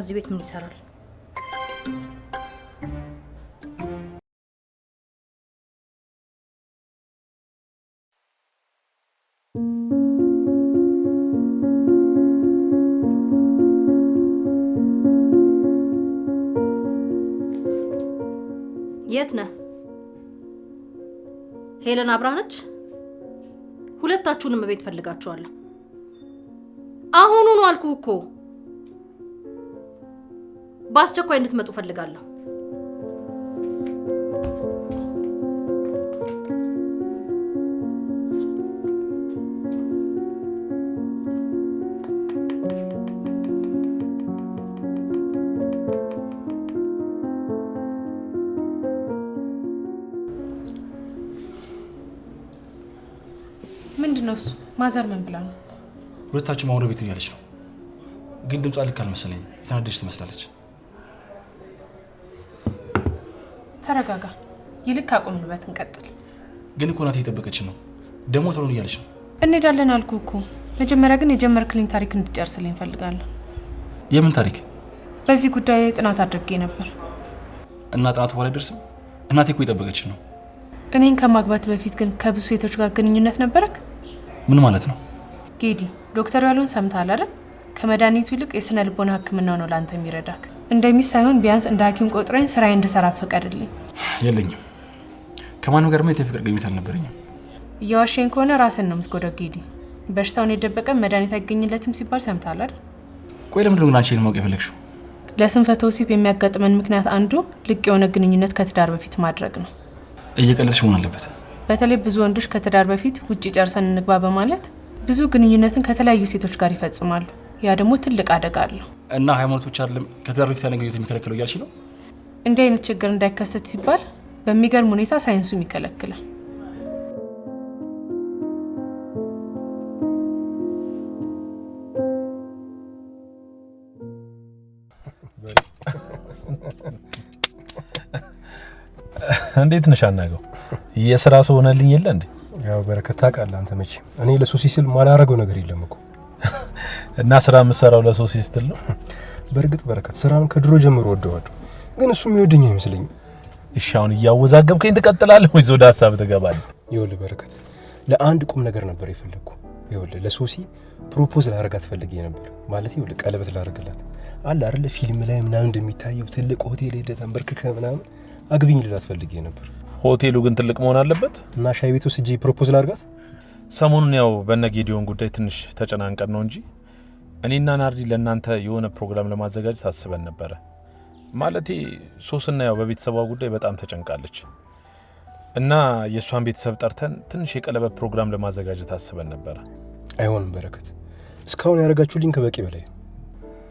እዚህ ቤት ምን ይሰራል? የት ነህ? ሄለን አብራነች? ነች? ሁለታችሁንም ቤት ፈልጋችኋለሁ። አሁኑኑ አልኩህ እኮ በአስቸኳይ እንድትመጡ ፈልጋለሁ። እሱ? ማዘር ምን ብላ ነው? ሁለታችሁም አሁን ቤት ያለች ነው፣ ግን ድምፅ ልክ አልመሰለኝም። የተናደደች ትመስላለች። ተረጋጋ። ይልቅ አቁምንበት እንቀጥል። ግን እኮ ናት እየጠበቀች ነው። ደግሞ ቶሎ እያለች ነው። እንሄዳለን አልኩ እኮ። መጀመሪያ ግን የጀመርክልኝ ታሪክ እንድጨርስልኝ እፈልጋለሁ። የምን ታሪክ? በዚህ ጉዳይ ጥናት አድርጌ ነበር እና ጥናቱ በኋላ አይደርስም። እናቴ እኮ እየጠበቀች ነው። እኔን ከማግባት በፊት ግን ከብዙ ሴቶች ጋር ግንኙነት ነበረክ? ምን ማለት ነው? ጌዲ ዶክተር ያሉን ሰምተሃል አይደል? ከመድኃኒቱ ይልቅ የስነ ልቦና ህክምናው ነው ለአንተ የሚረዳክ። እንደሚስ ሳይሆን ቢያንስ እንደ ሐኪም ቆጥረኝ ስራዬ እንድሰራ ፈቀድልኝ። የለኝም። ከማንም ጋር ማየት የፍቅር ግኝት አልነበረኝም። እየዋሸኝ ከሆነ ራስን ነው የምትጎደጊዲ። በሽታውን የደበቀ መድኃኒት አይገኝለትም ሲባል ሰምታል አይደል? ቆይ ለምንድን ነው ግን አንቺ ማወቅ የፈለግሽው? ለስንፈተ ወሲብ የሚያጋጥመን ምክንያት አንዱ ልቅ የሆነ ግንኙነት ከትዳር በፊት ማድረግ ነው። እየቀለድሽ መሆን አለበት። በተለይ ብዙ ወንዶች ከትዳር በፊት ውጭ ጨርሰን እንግባ በማለት ብዙ ግንኙነትን ከተለያዩ ሴቶች ጋር ይፈጽማሉ። ያ ደግሞ ትልቅ አደጋ አለው እና ሃይማኖት ብቻ አይደለም ከትዳር በፊት ያለን ግንኙነት የሚከለክለው እያልሽ ነው? እንዲህ አይነት ችግር እንዳይከሰት ሲባል በሚገርም ሁኔታ ሳይንሱም ይከለክላል። እንዴት ነሽ አናገው? የስራ ሰው ሆነልኝ የለ እንዴ? ያው በረከት ታውቃለህ አንተ መቼ እኔ ለሱሲ ስል ማላረገው ነገር የለም እኮ እና ስራ የምትሰራው ለሶሲ ስትል ነው? በእርግጥ በረከት ስራውን ከድሮ ጀምሮ ወደዋለሁ፣ ግን እሱም የሚወደኝ አይመስለኝም። እሺ አሁን እያወዛገብከኝ ትቀጥላለህ ወይስ ወደ ሀሳብ ትገባለህ? ይኸውልህ በረከት፣ ለአንድ ቁም ነገር ነበር የፈለግኩ። ይኸውልህ ለሶሲ ፕሮፖዝ ላደርጋት ፈልጌ ነበር። ማለት ይኸውልህ ቀለበት ላደርግላት አለ አይደለ፣ ፊልም ላይ ምናምን እንደሚታየው ትልቅ ሆቴል ሄደህ ተንበርክከህ ምናምን አግብኝ ልላት ፈልጌ ነበር። ሆቴሉ ግን ትልቅ መሆን አለበት እና ሻይ ቤት ውስጥ ሂጅ ፕሮፖዝ ላደርጋት። ሰሞኑን ያው በነ ጌዲዮን ጉዳይ ትንሽ ተጨናንቀን ነው እንጂ እኔና ናርዲ ለእናንተ የሆነ ፕሮግራም ለማዘጋጀት አስበን ነበረ። ማለቴ ሶስና ያው በቤተሰቧ ጉዳይ በጣም ተጨንቃለች እና የእሷን ቤተሰብ ጠርተን ትንሽ የቀለበት ፕሮግራም ለማዘጋጀት አስበን ነበረ። አይሆንም በረከት፣ እስካሁን ሊንክ ከበቂ በላይ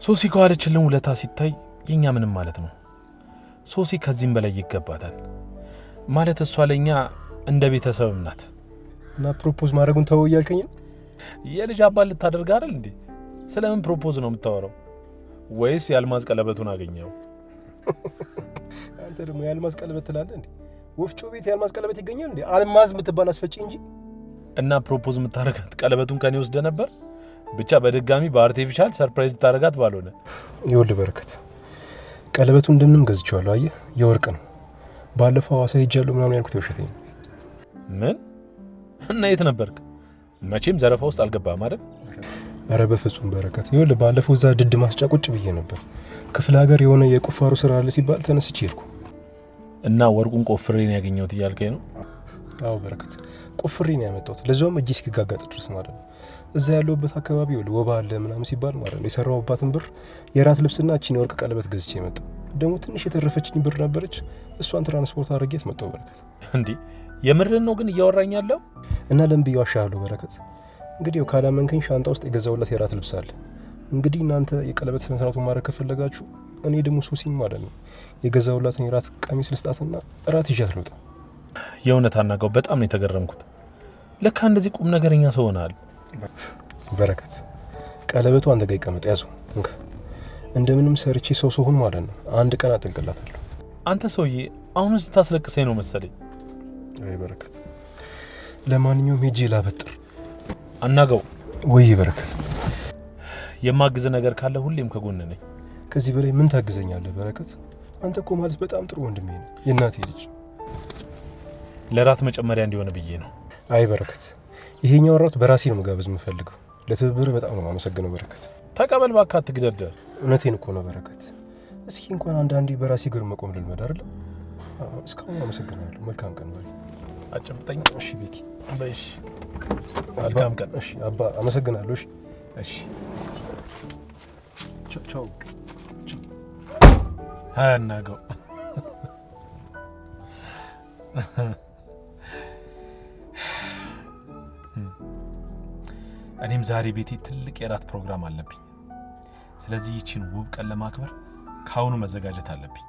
ሶሲ ከዋለችልን ውለታ ሲታይ የእኛ ምንም ማለት ነው። ሶሲ ከዚህም በላይ ይገባታል ማለት እሷ ለእኛ እንደ ቤተሰብም ናት እና ፕሮፖዝ ማድረጉን ተወው እያልከኝ የልጅ አባት ልታደርግ አይደል እንዴ? ስለምን ፕሮፖዝ ነው የምታወራው? ወይስ የአልማዝ ቀለበቱን አገኘው? አንተ ደግሞ የአልማዝ ቀለበት ትላለህ እንዴ? ወፍጮ ቤት የአልማዝ ቀለበት ይገኛል እንዴ? አልማዝ የምትባል አስፈጪ እንጂ። እና ፕሮፖዝ የምታደርጋት ቀለበቱን ከኔ ወስደ ነበር። ብቻ በድጋሚ በአርቲፊሻል ሰርፕራይዝ ልታደርጋት ባልሆነ። ይኸውልህ በረከት፣ ቀለበቱ እንደምንም ገዝቼዋለሁ። አየህ፣ የወርቅ ነው። ባለፈው ሐዋሳ ሄጃለሁ ምናምን ያልኩት የውሸቴ ምን እና የት ነበርክ? መቼም ዘረፋ ውስጥ አልገባህም አይደል? ረበ በፍጹም በረከት ይኸውልህ፣ ባለፈው እዛ ድድ ማስጫ ቁጭ ብዬ ነበር። ክፍለ ሀገር የሆነ የቁፋሮ ስራ አለ ሲባል ተነስቼ ሄድኩ እና ወርቁን ቆፍሬ ነው ያገኘሁት እያልከኝ ነው? አዎ በረከት፣ ቆፍሬ ነው ያመጣሁት። ለዛውም እጅ እስኪጋጋጥ ድረስ ማለት ነው። እዛ ያለሁበት አካባቢ ይኸውልህ ወባ አለ ምናምን ሲባል ማለት ነው። የሰራሁባትን ብር የራት ልብስና እቺን የወርቅ ቀለበት ገዝቼ መጣሁ። ደግሞ ትንሽ የተረፈችኝ ብር ነበረች። እሷን ትራንስፖርት አድርጌት መጣሁ። በረከት፣ እንዲህ የምርን ነው ግን እያወራኝ ያለው? እና ለምን ብዬ ዋሻለሁ በረከት እንግዲህ ካላመንከኝ ሻንጣ ውስጥ የገዛውላት የራት ልብሳል። እንግዲህ እናንተ የቀለበት ስነስርዓቱን ማድረግ ከፈለጋችሁ እኔ ደግሞ ሱሲን ማለት ነው የገዛውላትን የራት ቀሚስ ልስጣትና እራት ይዣት ልውጣ። የእውነት አናጋው በጣም ነው የተገረምኩት። ለካ እንደዚህ ቁም ነገረኛ ሰው ሆናል። በረከት ቀለበቱ አንተ ጋ ይቀመጥ ያዙ። እንደምንም ሰርቼ ሰው ሰሆን ማለት ነው አንድ ቀን አጠንቅላታለሁ። አንተ ሰውዬ አሁን ስታስለቅሰኝ ነው መሰለኝ። አይ በረከት፣ ለማንኛውም ሄጄ ላበጥር አናገው ወይ በረከት፣ የማግዝ ነገር ካለ ሁሌም ከጎን ነኝ። ከዚህ በላይ ምን ታግዘኛለህ በረከት? አንተ እኮ ማለት በጣም ጥሩ ወንድሜ ነው፣ የእናቴ ልጅ። ለራት መጨመሪያ እንዲሆን ብዬ ነው። አይ በረከት፣ ይሄኛው ራት በራሴ ነው መጋበዝ የምፈልገው። ለትብብር በጣም ነው የማመሰግነው በረከት። ተቀበል ባካ፣ አትግደርደር። እውነቴን እኮ ነው በረከት። እስኪ እንኳን አንዳንዴ በራሴ እግር መቆም ልልመድ አይደል? እስካሁን አመሰግናለሁ። መልካም ቀን አጨብጠኝ። እሺ ቤኪ፣ በይ። መልካም ቀን። እሺ አባ አመሰግናለሁ። እሺ እሺ፣ ቻው ቻው። አናገው እኔም ዛሬ ቤቴ ትልቅ የራት ፕሮግራም አለብኝ። ስለዚህ ይችን ውብ ቀን ለማክበር ከአሁኑ መዘጋጀት አለብኝ።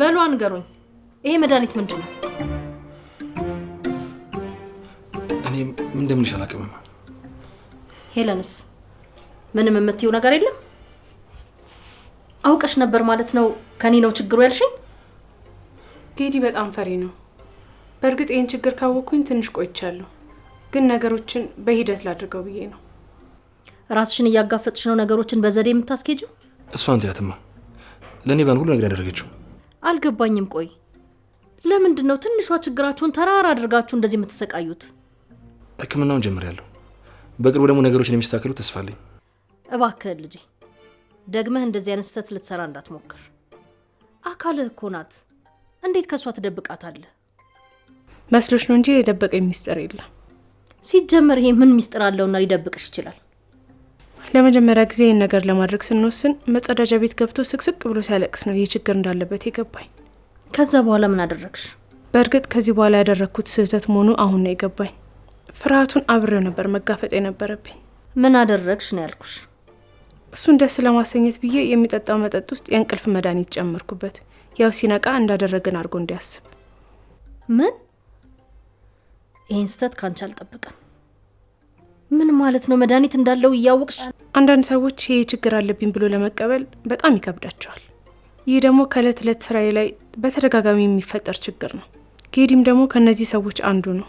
በሉ አንገሩኝ፣ ይሄ መድኃኒት ምንድን ነው? እኔ ምን እንደምልሽ አላውቅም። ሄለንስ ምንም የምትይው ነገር የለም? አውቀሽ ነበር ማለት ነው? ከኔ ነው ችግሩ ያልሽኝ? ጌዲ በጣም ፈሪ ነው። በእርግጥ ይህን ችግር ካወቅኩኝ ትንሽ ቆይቻለሁ፣ ግን ነገሮችን በሂደት ላድርገው ብዬ ነው። ራስሽን እያጋፈጥሽ ነው ነገሮችን በዘዴ የምታስኬጂው? እሷን ያትማ ለእኔ ባን ሁሉ ነገር ያደረገችው አልገባኝም። ቆይ ለምንድን ነው ትንሿ ችግራችሁን ተራራ አድርጋችሁ እንደዚህ የምትሰቃዩት? ሕክምናውን ጀምሬያለሁ። በቅርቡ ደግሞ ነገሮችን የሚስተካከሉ ተስፋ አለኝ። እባክህ ልጄ ደግመህ እንደዚህ አይነት ስህተት ልትሰራ እንዳትሞክር። አካልህ እኮ ናት። እንዴት ከእሷ ትደብቃታለህ? መስሎች ነው እንጂ የደበቀኝ ሚስጥር የለም። ሲጀመር ይሄ ምን ሚስጥር አለውና ሊደብቅሽ ይችላል? ለመጀመሪያ ጊዜ ይህን ነገር ለማድረግ ስንወስን መጸዳጃ ቤት ገብቶ ስቅስቅ ብሎ ሲያለቅስ ነው ይህ ችግር እንዳለበት የገባኝ። ከዛ በኋላ ምን አደረግሽ? በእርግጥ ከዚህ በኋላ ያደረግኩት ስህተት መሆኑ አሁን ነው የገባኝ። ፍርሃቱን አብሬው ነበር መጋፈጥ የነበረብኝ። ምን አደረግሽ ነው ያልኩሽ። እሱን ደስ ለማሰኘት ብዬ የሚጠጣው መጠጥ ውስጥ የእንቅልፍ መድኃኒት ጨመርኩበት። ያው ሲነቃ እንዳደረግን አድርጎ እንዲያስብ። ምን ይህን ስህተት ካንቺ አልጠብቅም። ምን ማለት ነው? መድኃኒት እንዳለው እያወቅሽ? አንዳንድ ሰዎች ይህ ችግር አለብኝ ብሎ ለመቀበል በጣም ይከብዳቸዋል። ይህ ደግሞ ከእለት እለት ስራዬ ላይ በተደጋጋሚ የሚፈጠር ችግር ነው። ጌዲም ደግሞ ከእነዚህ ሰዎች አንዱ ነው።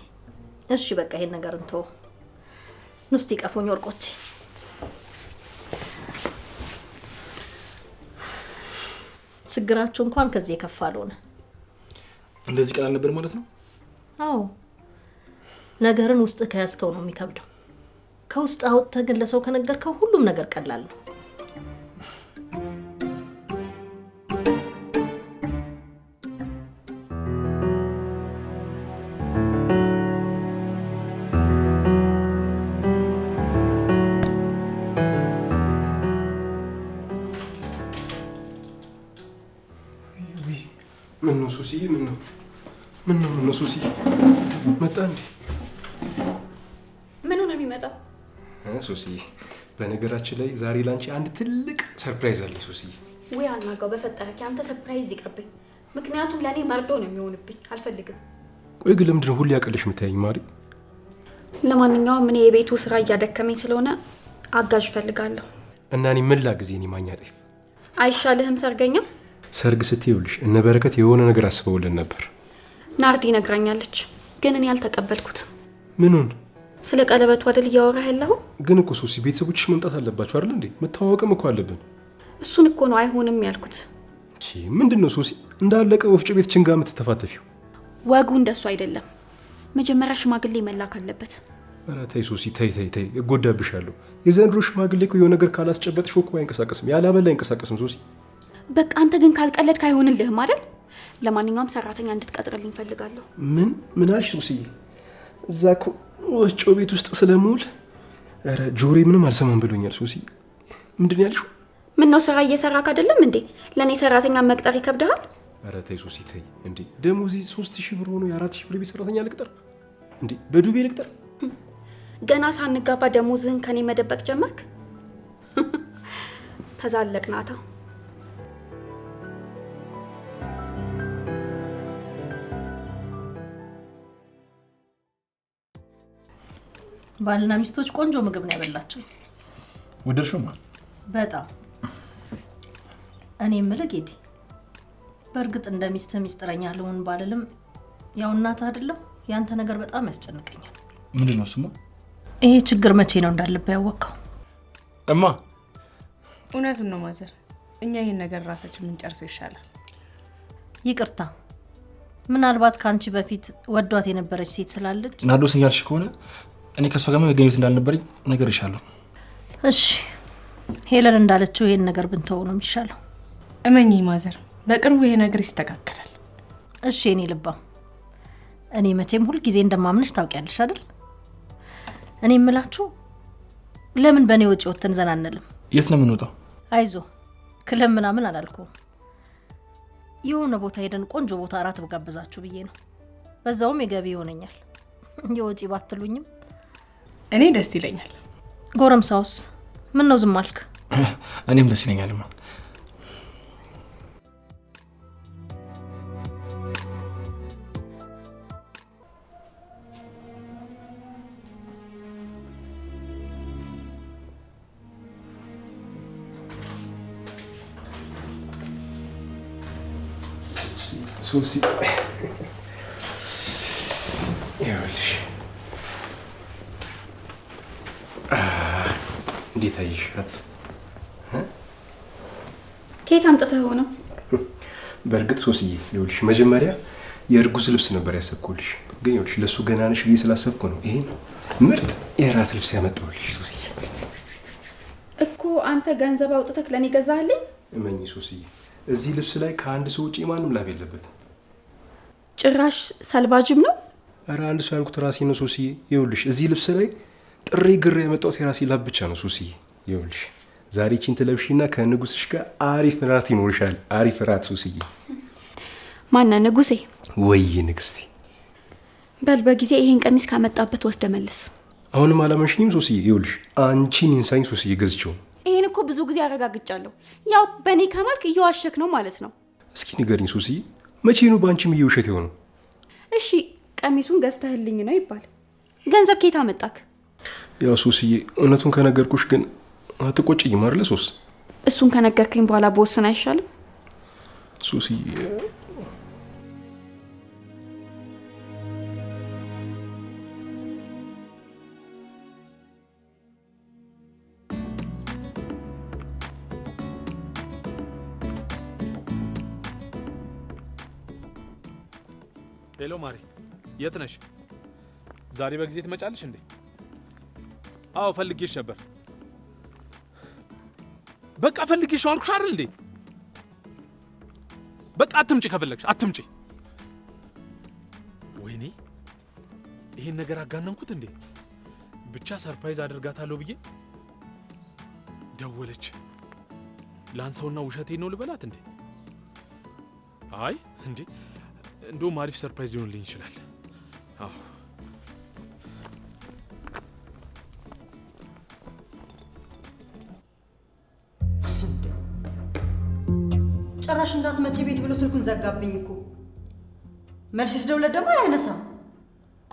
እሺ በቃ ይሄን ነገር እንቶ ንስቲ ቀፎኝ ወርቆቼ ችግራችሁ እንኳን ከዚህ የከፋ አልሆነ። እንደዚህ ቀላል ነበር ማለት ነው? አዎ ነገርን ውስጥ ከያዝከው ነው የሚከብደው። ከውስጥ አውጥተህ ግን ለሰው ከነገርከው ሁሉም ነገር ቀላል ነው። ምን ነው ሱሲዬ? ምን ነው ምን ነው ምን ነው ሱሲዬ? መጣ እንዴ? ሶሲ፣ በነገራችን ላይ ዛሬ ላንቺ አንድ ትልቅ ሰርፕራይዝ አለ ሶሲ ወይ አናጋው በፈጠረክ አንተ ሰርፕራይዝ ይቅርብኝ። ምክንያቱም ለእኔ መርዶ ነው የሚሆንብኝ፣ አልፈልግም። ቆይ ግን ለምንድን ነው ሁሌ ያቀልሽ የምታየኝ ማሪ? ለማንኛውም እኔ የቤቱ ስራ እያደከመኝ ስለሆነ አጋዥ እፈልጋለሁ። እና እኔ ምን ላግዝ? እኔ ማኛ ጤፍ አይሻልህም? ሰርገኛ ሰርግ ስትይውልሽ እነ በረከት የሆነ ነገር አስበውልን ነበር። ናርዲ ነግራኛለች፣ ግን እኔ አልተቀበልኩት። ምኑን? ስለ ቀለበቱ አይደል እያወራህ ያለው? ግን እኮ ሶሲ ቤተሰቦችሽ መምጣት አለባቸው አይደል እንዴ? መተዋወቅም እኮ አለብን። እሱን እኮ ነው አይሆንም ያልኩት። ምንድን ነው ሶሲ እንዳለቀ ወፍጮ ቤት ችንጋ የምትተፋተፊው? ወጉ እንደሱ አይደለም። መጀመሪያ ሽማግሌ መላክ አለበት። ኧረ ተይ ሶሲ ተይ ተይ ተይ፣ እጎዳብሻለሁ። የዘንድሮ ሽማግሌ እኮ የሆነ ነገር ካላስጨበጥሽ እኮ አይንቀሳቀስም፣ ያላበላ አይንቀሳቀስም። ሶሲ በቃ አንተ ግን ካልቀለድክ አይሆንልህም አይደል? ለማንኛውም ሰራተኛ እንድትቀጥርልኝ ፈልጋለሁ። ምን ምን አልሽ ሶሲዬ? እዛ እኮ ወጮ ቤት ውስጥ ስለምውል ኧረ ጆሮዬ ምንም አልሰማም ብሎኛል። ሶሲ ምንድን ያልሽው? ነው ስራ እየሰራክ አይደለም እንዴ? ለእኔ ሰራተኛ መቅጠር ይከብድሃል? ኧረ ተይ ሶሲ ተይ። እንዴ ደግሞ እዚህ ሶስት ሺህ ብር ሆኖ የአራት ሺህ ብር ቤት ሰራተኛ ልቅጠር እንዴ? በዱቤ ልቅጠር? ገና ሳንጋባ ደሞዝህን ከኔ መደበቅ ጀመርክ። ተዛለቅ ናታ ባልና ሚስቶች ቆንጆ ምግብ ነው ያበላቸው። ወደድሽው? በጣም እኔ የምልህ ሄዲ በእርግጥ እንደ ሚስት ሚስጥረኛ ልሁን ባልልም ያው እናት አይደለም። ያንተ ነገር በጣም ያስጨንቀኛል። ምንድን ነው እሱማ? ይሄ ችግር መቼ ነው እንዳለብህ ያወቅኸው? እማ፣ እውነቱን ነው ማዘር። እኛ ይህን ነገር ራሳችን የምንጨርሰው ይሻላል። ይቅርታ ምናልባት ከአንቺ በፊት ወዷት የነበረች ሴት ስላለች ናዶስ እያልሽ ከሆነ እኔ ከእሷ ጋር መገኘት እንዳልነበረኝ ነገር ይሻለሁ። እሺ ሄለን እንዳለችው ይሄን ነገር ብንተው ነው የሚሻለው። እመኚ ማዘር፣ በቅርቡ ይሄ ነገር ይስተካከላል። እሺ እኔ ልባም፣ እኔ መቼም ሁልጊዜ እንደማምንሽ ታውቂያለሽ አይደል? እኔ የምላችሁ ለምን በእኔ ወጪ ወጥተን ዘና አንልም? የት ነው የምንወጣው? አይዞ ክለብ ምናምን አላልኩም። የሆነ ቦታ ሄደን ቆንጆ ቦታ እራት ብጋብዛችሁ ብዬ ነው። በዛውም የገቢ ይሆነኛል። የወጪ ባትሉኝም እኔ ደስ ይለኛል። ጎረምሳውስ ምን ነው ዝም አልክ? እኔም ደስ ይለኛል። ሶሲ የታይሻት ከየት አምጥተኸው ነው? በእርግጥ ሶስዬ ይኸውልሽ፣ መጀመሪያ የእርጉዝ ልብስ ነበር ያሰብኩልሽ፣ ግን ይኸውልሽ ለእሱ ገና ነሽ ብዬ ስላሰብኩ ነው ይሄ ምርጥ የራት ልብስ ያመጣሁልሽ። ሶስዬ እኮ አንተ ገንዘብ አውጥተህ ለእኔ ገዛህልኝ? እመኚ ሶስዬ፣ እዚህ ልብስ ላይ ከአንድ ሰው ውጪ ማንም ላብ የለበትም። ጭራሽ ሰልባጅም ነው። ኧረ አንድ ሰው ያልኩት ራሴ ነው ሶስዬ። ይኸውልሽ እዚህ ልብስ ላይ ጥሬ ግር የመጣሁት የራሴ ላብ ብቻ ነው። ሱሲ ይኸውልሽ ዛሬ ቺን ትለብሺና ከንጉስሽ ጋር አሪፍ ራት ይኖርሻል። አሪፍ ራት ሱስዬ። ማና ንጉሴ? ወይ ንግስቴ። በል በጊዜ ይሄን ቀሚስ ካመጣበት ወስደ መልስ። አሁንም አላመንሽኝም ሱስዬ? ይኸውልሽ አንቺን ኢንሳኝ ሱስዬ ገዝቼው። ይሄን እኮ ብዙ ጊዜ አረጋግጫለሁ። ያው በእኔ ከማልክ እየዋሸክ ነው ማለት ነው። እስኪ ንገሪኝ ሱስዬ፣ መቼ ነው በአንቺም እየውሸት የሆነው? እሺ ቀሚሱን ገዝተህልኝ ነው ይባል፣ ገንዘብ ኬታ መጣክ ያው ሶስዬ፣ እውነቱን ከነገርኩሽ ግን አትቆጭኝም አይደለ ሶስ? እሱን ከነገርከኝ በኋላ በወስን አይሻልም ሶስዬ? ሄሎ ማሪ፣ የት ነሽ? ዛሬ በጊዜ ትመጫለሽ እንዴ? አዎ ፈልጌሽ ነበር። በቃ ፈልጌሽ አልኩሽ አይደል እንዴ? በቃ አትምጪ፣ ከፈለግሽ አትምጪ። ወይኔ ይሄን ነገር አጋነንኩት እንዴ? ብቻ ሰርፕራይዝ አድርጋታለሁ ብዬ ደወለች። ላንሳውና ውሸቴን ነው ልበላት እንዴ? አይ እንዴ፣ እንደውም አሪፍ ሰርፕራይዝ ሊሆንልኝ ይችላል። አዎ ጭራሽ እንዳትመጪ ቤት ብሎ ስልኩን ዘጋብኝ እኮ። መልሽ ስደውለት ደግሞ አያነሳም።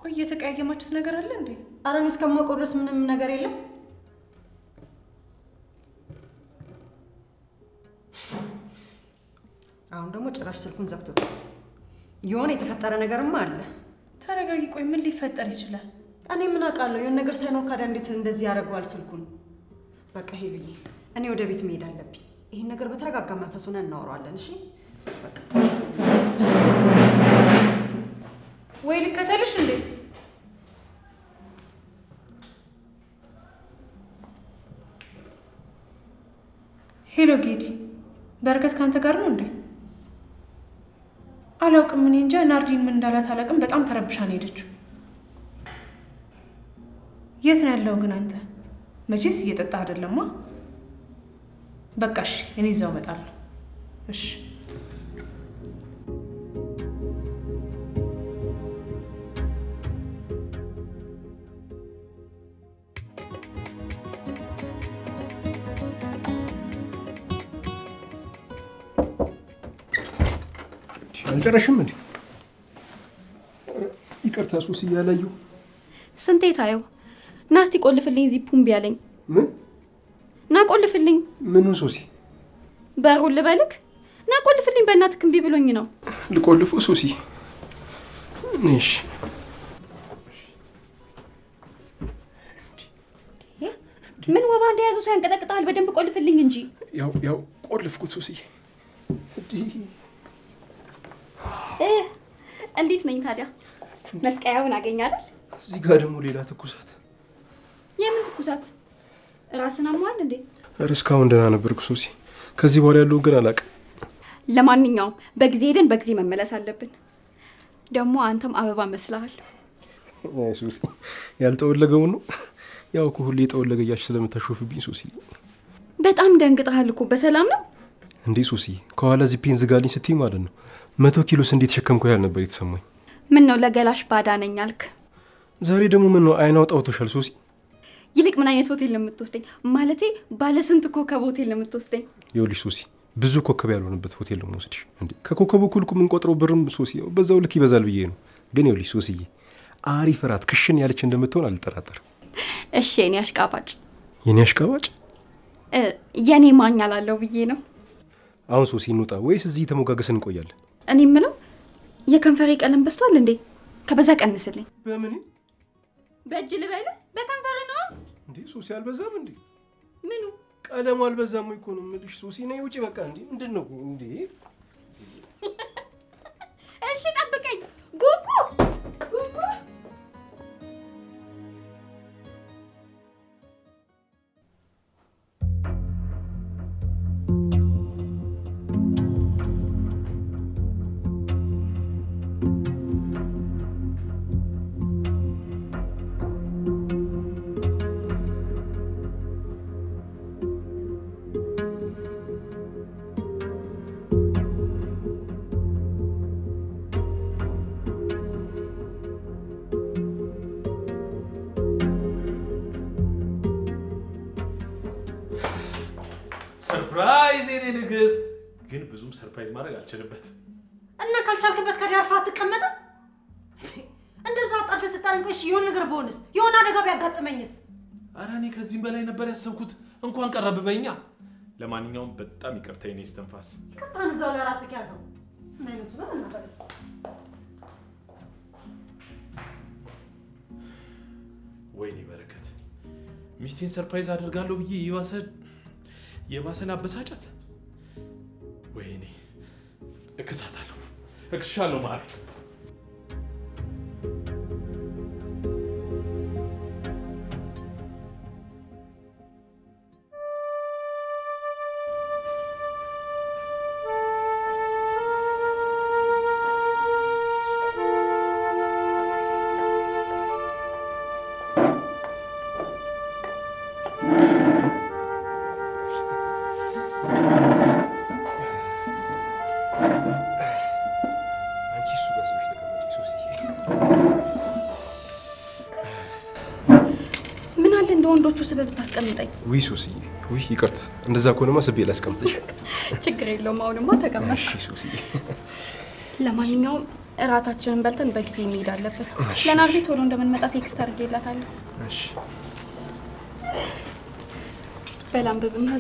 ቆይ የተቀያየማችሁት ነገር አለ እንዴ? ኧረ እኔ እስከማውቀው ድረስ ምንም ነገር የለም። አሁን ደግሞ ጭራሽ ስልኩን ዘግቶታል። የሆነ የተፈጠረ ነገርማ አለ። ተረጋጊ። ቆይ ምን ሊፈጠር ይችላል? እኔ ምን አውቃለሁ? የሆነ ነገር ሳይኖር ካዳ እንዴት እንደዚህ ያደርገዋል ስልኩን? በቃ ሄዱዬ፣ እኔ ወደ ቤት መሄድ አለብኝ። ይህን ነገር በተረጋጋ መንፈስ ሆነ እናወራዋለን። እሺ ወይ ልከተልሽ እንዴ? ሄሎ ጌዲ፣ በረከት ከአንተ ጋር ነው እንዴ? አላውቅም። እኔ እንጃ ናርዲን ምን እንዳላት አላውቅም። በጣም ተረብሻ ነው ሄደችው። የት ነው ያለው ግን አንተ? መቼስ እየጠጣ አይደለማ በቃሽ፣ እኔ እዛው እመጣለሁ። እሺ አልጨረሽም እንዴ? ይቅርታ ሱስ እያለዩ ስንቴ ታየው ናስቲ ቆልፍልኝ እዚህ ፑምቢ ያለኝ ምን ናቆልፍልኝ። ምኑን ሱሲ? በሩን ልበልክ? ቆልፍልኝ፣ በእናት ክንቢ ብሎኝ ነው። ልቆልፉ ሱሲ? እሺ ምን ወባ እንደያዘ ሰው ያንቀጠቅጠዋል። በደንብ ቆልፍልኝ እንጂ። ያው ያው ቆልፍኩት። ሱሲ እንዴት ነኝ ታዲያ? መስቀያውን አገኛለል። እዚህ ጋር ደግሞ ሌላ ትኩሳት። የምን ትኩሳት? ራስን አሟል እንዴ? ኧረ እስካሁን ደህና ነበርኩ ሶሲ። ከዚህ በኋላ ያለው ግን አላውቅም። ለማንኛውም በጊዜ ሄደን በጊዜ መመለስ አለብን። ደግሞ አንተም አበባ መስለሃል። ሱሲ ያልጠወለገው ነው ያው እኮ ሁሌ የጠወለገ እያች ስለምታሾፍብኝ ሱሲ። በጣም ደንግጠሃል እኮ በሰላም ነው እንዴ ሱሲ? ከኋላ ዚፔን ዝጋልኝ ስትይ ማለት ነው መቶ ኪሎ ስንዴ ተሸከምኩ ያህል ነበር የተሰማኝ። ምን ነው ለገላሽ ባዳ አልክ። ዛሬ ደግሞ ምን ነው አይናው ጣውቶሻል ሱሲ? ይልቅ ምን አይነት ሆቴል ነው የምትወስደኝ? ማለቴ ባለስንት ኮከብ ሆቴል ነው የምትወስደኝ? ይኸውልሽ ሶሲ፣ ብዙ ኮከብ ያልሆነበት ሆቴል ነው የምወስድሽ። እንዴ ከኮከቡ እኩል እኮ የምንቆጥረው ብርም ሶሲ፣ በዛው ልክ ይበዛል ብዬ ነው። ግን ይኸውልሽ ሶሲዬ፣ አሪፍ እራት ክሽን ያለች እንደምትሆን አልጠራጠርም። እሺ የኔ አሽቃባጭ፣ የኔ አሽቃባጭ፣ የኔ ማኛ ላለው ብዬ ነው። አሁን ሶሲ እንውጣ ወይስ እዚህ ተሞጋገስ እንቆያለን? እኔ ምለው የከንፈሬ ቀለም በስቷል እንዴ? ከበዛ ቀንስልኝ። በምን በእጅ ልበል? በከንፈር ነው እንዴ ሱሲ አልበዛም እንዴ? ምኑ ቀለሙ አልበዛም እኮ ነው የምልሽ። ሱሲ ነይ ውጪ በቃ። እንዴ ምንድን ነው እንዴ? እሺ ጠብቀኝ ጉጉ ጉጉ ሰርፕራይዝ ማድረግ አልችልበትም። እና ካልቻልክበት ከእኔ አርፈህ አትቀመጥም? እንደዛ አጣርፈ ስታለኝ እሺ፣ የሆነ ነገር በሆንስ የሆነ አደጋ ቢያጋጥመኝስ? ኧረ እኔ ከዚህም በላይ ነበር ያሰብኩት። እንኳን ቀረብ ለማንኛውም በጣም ይቅርታ የኔ እስትንፋስ። ይቅርታን እዛው ለራስህ ያዘው። ምን አይነቱ ነው እናበለ ወይኔ በረከት፣ ሚስቴን ሰርፕራይዝ አድርጋለሁ ብዬ የባሰ የባሰ አበሳጫት። ወይኔ እክሳታለሁ፣ እክስሻለሁ ማለት አስቀምጠኝ። ውይ ሱስዬ፣ ውይ ይቅርታ። እንደዛ ከሆነማ ስቤ ላስቀምጥሽ። ችግር የለውም። አሁንማ ተቀመጥ። ሱስዬ፣ ለማንኛውም እራታችንን በልተን በጊዜ መሄድ አለብን። ለናርዲ ቶሎ እንደምንመጣ ቴክስት አድርጌላታለሁ። በል አንብብ ውይ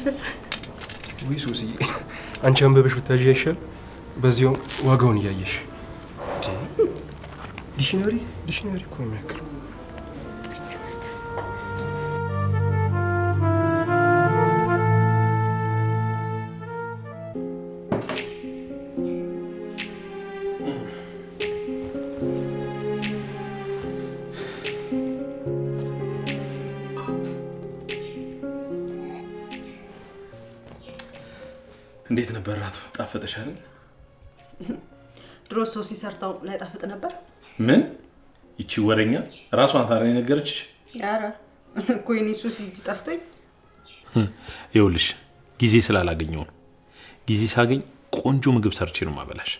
አንቺ ብታዥ በዚያውም ዋጋውን እያየሽ ዲሽነሪ ዲሽነሪ እኮ የሚያክለው ታውቂያለሽ አይደል? ድሮ ሰው ሲሰርታው ላይ ነበር። ምን ይቺ ወረኛ ራሷን ታዲያ የነገረችሽ? ኧረ እኮ የእኔ ሱስ ልጅ ጠፍቶኝ። ይኸውልሽ ጊዜ ስላላገኘሁ ነው። ጊዜ ሳገኝ ቆንጆ ምግብ ሰርቼ ነው ማበላሽ።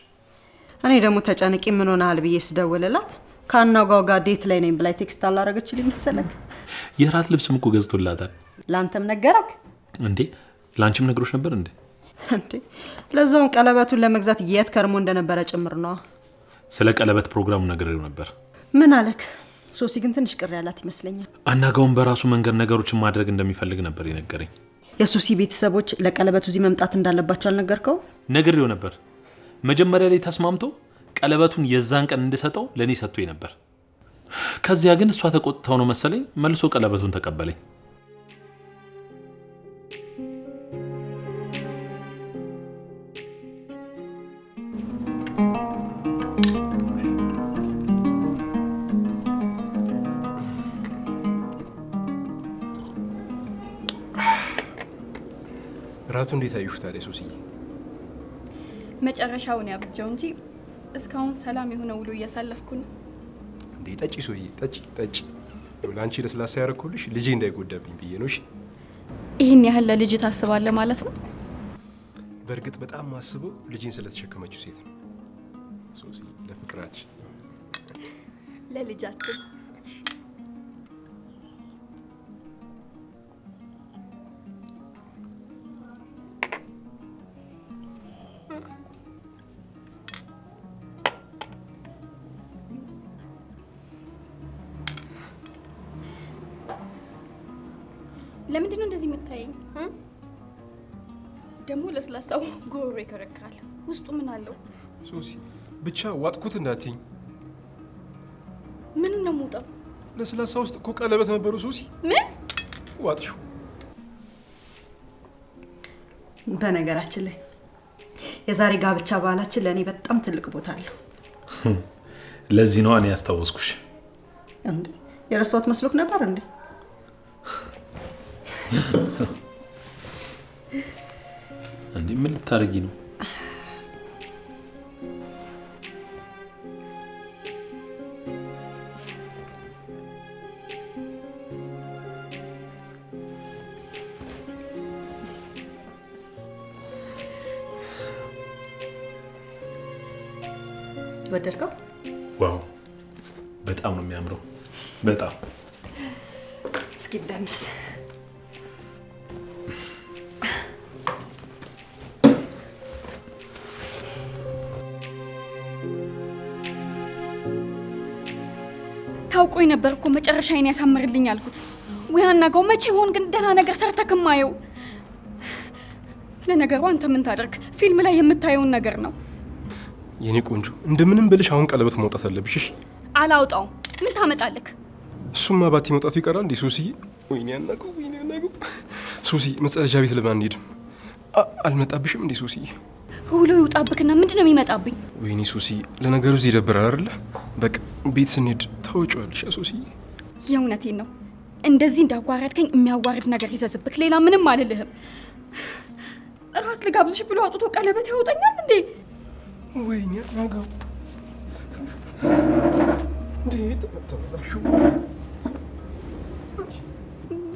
እኔ ደግሞ ተጨንቄ ምን ሆነሃል ብዬ ስደውልላት ከአናጓው ጋር ዴት ላይ ነኝ ብላይ ቴክስት አላረገችልኝ መሰለክ። የራት ልብስም እኮ ገዝቶላታል። ለአንተም ነገረክ እንዴ? ለአንቺም ነግሮች ነበር እንዴ? እንዴ ለዛውም ቀለበቱን ለመግዛት የት ከርሞ እንደነበረ ጭምር ነዋ። ስለ ቀለበት ፕሮግራሙ ነግሬው ነበር። ምን አለክ? ሶሲ ግን ትንሽ ቅር ያላት ይመስለኛል። አናጋውን በራሱ መንገድ ነገሮችን ማድረግ እንደሚፈልግ ነበር የነገረኝ። የሶሲ ቤተሰቦች ለቀለበቱ እዚህ መምጣት እንዳለባቸው አልነገርከው? ነግሬው ነበር። መጀመሪያ ላይ ተስማምቶ ቀለበቱን የዛን ቀን እንድሰጠው ለእኔ ሰጥቶ ነበር። ከዚያ ግን እሷ ተቆጥተው ነው መሰለኝ መልሶ ቀለበቱን ተቀበለኝ። ራቱ እንዴት አዩሽታል? ሶስዬ መጨረሻውን ያብጀው እንጂ እስካሁን ሰላም የሆነ ውሎ እያሳለፍኩ ነው። እንዴ ጠጪ ሶዬ፣ ጠጪ ጠጪ። ለአንቺ ለስላሳ ያደረኩልሽ ልጄ እንዳይጎዳብኝ ብዬ ነው። ይህን ያህል ለልጅ ታስባለህ ማለት ነው? በእርግጥ በጣም ማስበው ልጅን ስለተሸከመችው ሴት ነው። ሶሲ ለፍቅራችን ለልጃችን ጉሮሮ ይከረክራል። ውስጡ ምን አለው? ሶሲ ብቻ ዋጥኩት እንዳትኝ። ምን ነው የምውጠው? ለስላሳ ውስጥ እኮ ቀለበት ነበሩ። ሶሲ ምን ዋጥሹ? በነገራችን ላይ የዛሬ ጋብቻ በዓላችን ለእኔ በጣም ትልቅ ቦታ አለው። ለዚህ ነው እኔ ያስታወስኩሽ። እንዴ የረሳሁት መስሎክ ነበር እንዴ? ልታደርጊ ነው? ታውቆ ነበር እኮ መጨረሻዬን ያሳምርልኝ አልኩት። ወይ አናጋው መቼ ይሆን ግን ደህና ነገር ሰርተህ ከማየው? ለነገሩ አንተ ምን ታደርግ፣ ፊልም ላይ የምታየውን ነገር ነው። የኔ ቆንጆ እንደምንም ብልሽ አሁን ቀለበት መውጣት አለብሽ። እሺ አላውጣውም። ምን ታመጣለክ? እሱማ ባቲ መውጣቱ ይቀራል እንዴ ሱሲ? ወይኔ አናገው፣ ወይኔ አናገው። ሱሲ መጸዳጃ ቤት ለምን አንሄድም? አልመጣብሽም እንዴ ሱሲ? ውሎ ይውጣብክና ምንድነው የሚመጣብኝ? ወይኔ ሱሲ፣ ለነገሩ እዚህ ይደብራል አይደለ? በቃ ቤት ስንሄድ ታወጪዋለሽ አሶሲዬ። የእውነቴን ነው። እንደዚህ እንዳዋረድከኝ የሚያዋርድ ነገር ይዘዝብክ። ሌላ ምንም አልልህም። እራት ልጋብዝሽ ብሎ አውጥቶ ቀለበት ያወጣኛል እንዴ? ወይኔ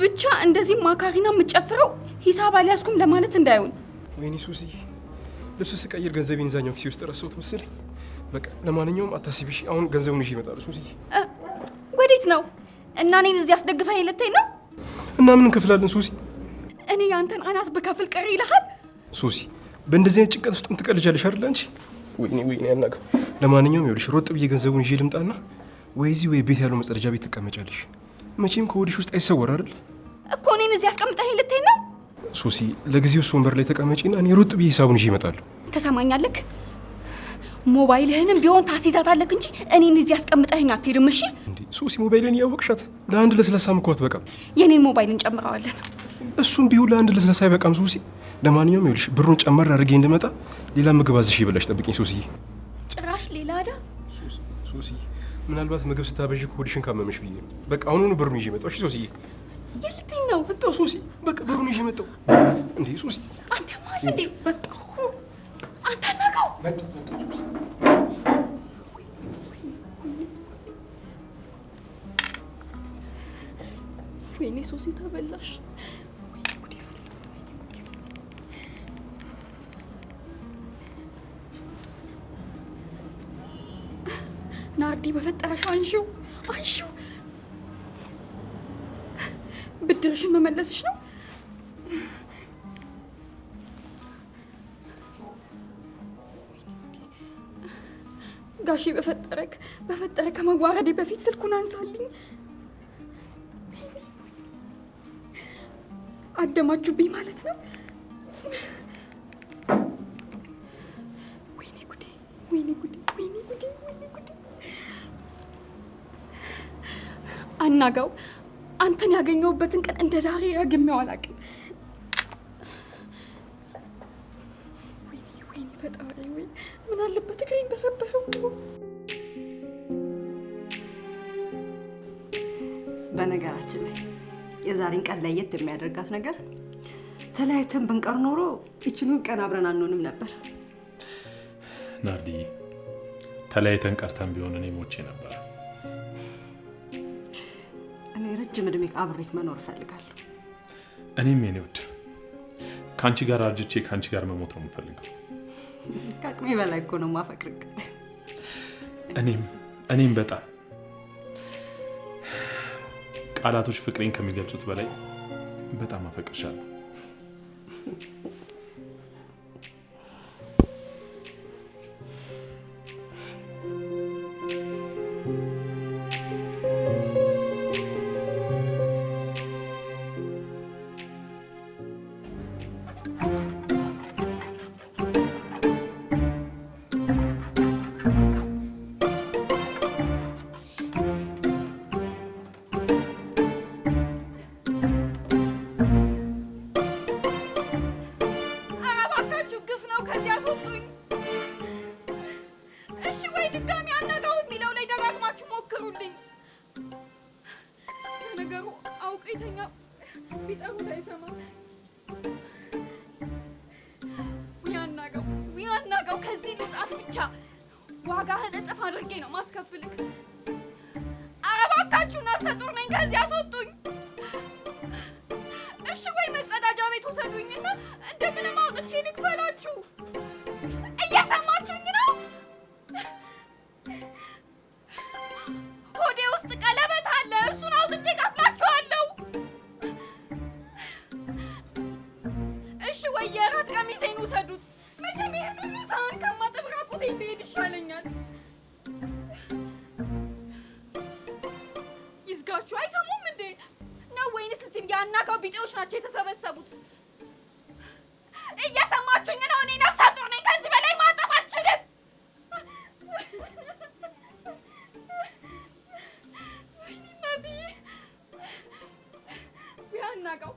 ብቻ እንደዚህ ማካሪና የምጨፍረው ሂሳብ አልያዝኩም ለማለት እንዳይሆን። ወይኔ ሱሲ፣ ልብስ ስቀይር ገንዘቤን ኪሴ ውስጥ ረሳሁት መሰለኝ። በቃ ለማንኛውም አታስቢሽ። አሁን ገንዘቡን ይዤ እመጣለሁ። ሱሲ ወዴት ነው? እና እኔን እዚህ አስደግፈኝ ልትይ ነው? እና ምን እንከፍላለን ሱሲ? እኔ ያንተን አናት በከፍል ቀሪ ይልሃል ሱሲ። በእንደዚህ አይነት ጭንቀት ውስጥ ምትቀልጃለሽ አይደል አንቺ? ወይኔ ወይኔ ያናቀው። ለማንኛውም ይኸውልሽ ሮጥ ብዬ ገንዘቡን ይዤ ልምጣና ወይ እዚህ ወይ ቤት ያለው መጸዳጃ ቤት ትቀመጫለሽ። መቼም ከወዲሽ ውስጥ አይሰወር አይደል እኮ። እኔን እዚህ አስቀምጠኝ ልትይ ነው ሱሲ? ለጊዜው እሱ ወንበር ላይ ተቀመጪና እኔ ሮጥ ብዬ ሂሳቡን ይዤ እመጣለሁ። ተሰማኛለክ ሞባይልህንም ቢሆን ታስይዛታለህ እንጂ እኔን እዚህ ያስቀምጠህኝ አትሄድም። እሺ ሶሲ፣ ሞባይልን እያወቅሻት ለአንድ ለስላሳ ምኮት በቃም። የኔን ሞባይል እንጨምረዋለን። እሱም ቢሆን ለአንድ ለስላሳ አይበቃም ሶሲ። ለማንኛውም ይኸውልሽ ብሩን ጨመር አድርጌ እንድመጣ ሌላ ምግብ አዝሽ ብለሽ ጠብቂኝ ሱሲ። ጭራሽ ሌላ አዳ ሶሲ፣ ምናልባት ምግብ ስታበዥ ሆድሽን ካመመሽ ብዬ ነው። በቃ አሁኑኑ ብሩን ይዤ መጣሁ። እሺ ሱሲ የልትኝ ነው እጣው ሶሲ በቃ ብሩን ይዤ መጣሁ። እንዴ ሶሲ፣ አንተ ማለት እንዴ? መጣሁ አንተ መጣ መጣ ሶሲ ወይኔ ሶሲ ተበላሽ። ናርዲ በፈጠረሽ አንሺው፣ አንሺው። ብድርሽን መመለስሽ ነው። ጋሺ በፈጠረክ በፈጠረ ከመዋረዴ በፊት ስልኩን አንሳልኝ። አደማጁብኝ ማለት ነው። ወይኔ ጉዴ! ወይኔ ጉዴ! ወይኔ ጉዴ! ወይኔ ጉዴ! አናጋው አንተን ያገኘሁበትን ቀን እንደ ዛሬ ረግሜው አላውቅም። ወይኔ ወይኔ ፈጣሪ ወይ ምን አለበት እግሬን በሰበረው። በነገራችን ላይ የዛሬን ቀን ለየት የሚያደርጋት ነገር ተለያይተን ብንቀር ኖሮ ይችኑ ቀን አብረን አንሆንም ነበር። ናርዲ ተለያይተን ቀርተን ቢሆን እኔ ሞቼ ነበር። እኔ ረጅም እድሜ አብሬት መኖር እፈልጋለሁ። እኔም የኔ ውድ ከአንቺ ጋር አርጅቼ ከአንቺ ጋር መሞት ነው የምፈልገው። ከአቅሜ በላይ እኮ ነው ማፈቅርቅ። እኔም እኔም በጣም ቃላቶች ፍቅሬን ከሚገልጹት በላይ በጣም አፈቅርሻለሁ። የምናደርገው የምናደርገው ከዚህ ልውጣት ብቻ ዋጋህን እጥፍ አድርጌ ነው ማስከፍልክ። ኧረ እባካችሁ ነፍሰ ጡር ነኝ፣ ከዚህ አስወጡኝ። እሺ ወይ መጸዳጃ ቤት ውሰዱኝና እንደምንም አውጥቼ ልክፈላችሁ። እየሰማችሁኝ ነው? ሆዴ ውስጥ ቀለበት አለ፣ እሱን አውጥቼ ከፍላችኋለሁ። እሺ ወይ የእራት ቀሚሴን ውሰዱት። ሳህን ከማጠብ ራቁቴን ብሄድ ይሻለኛል። ይዝጋችሁ። አይሰሙም እንዴ ነው ወይንስ እዚህም የአናጋው ቢጤዎች ናቸው የተሰበሰቡት? እየሰማችሁኝ ነው? እኔ ነፍሰ ጡር ነኝ። ከዚህ በላይ ማጠብ አልችልም። ያናጋው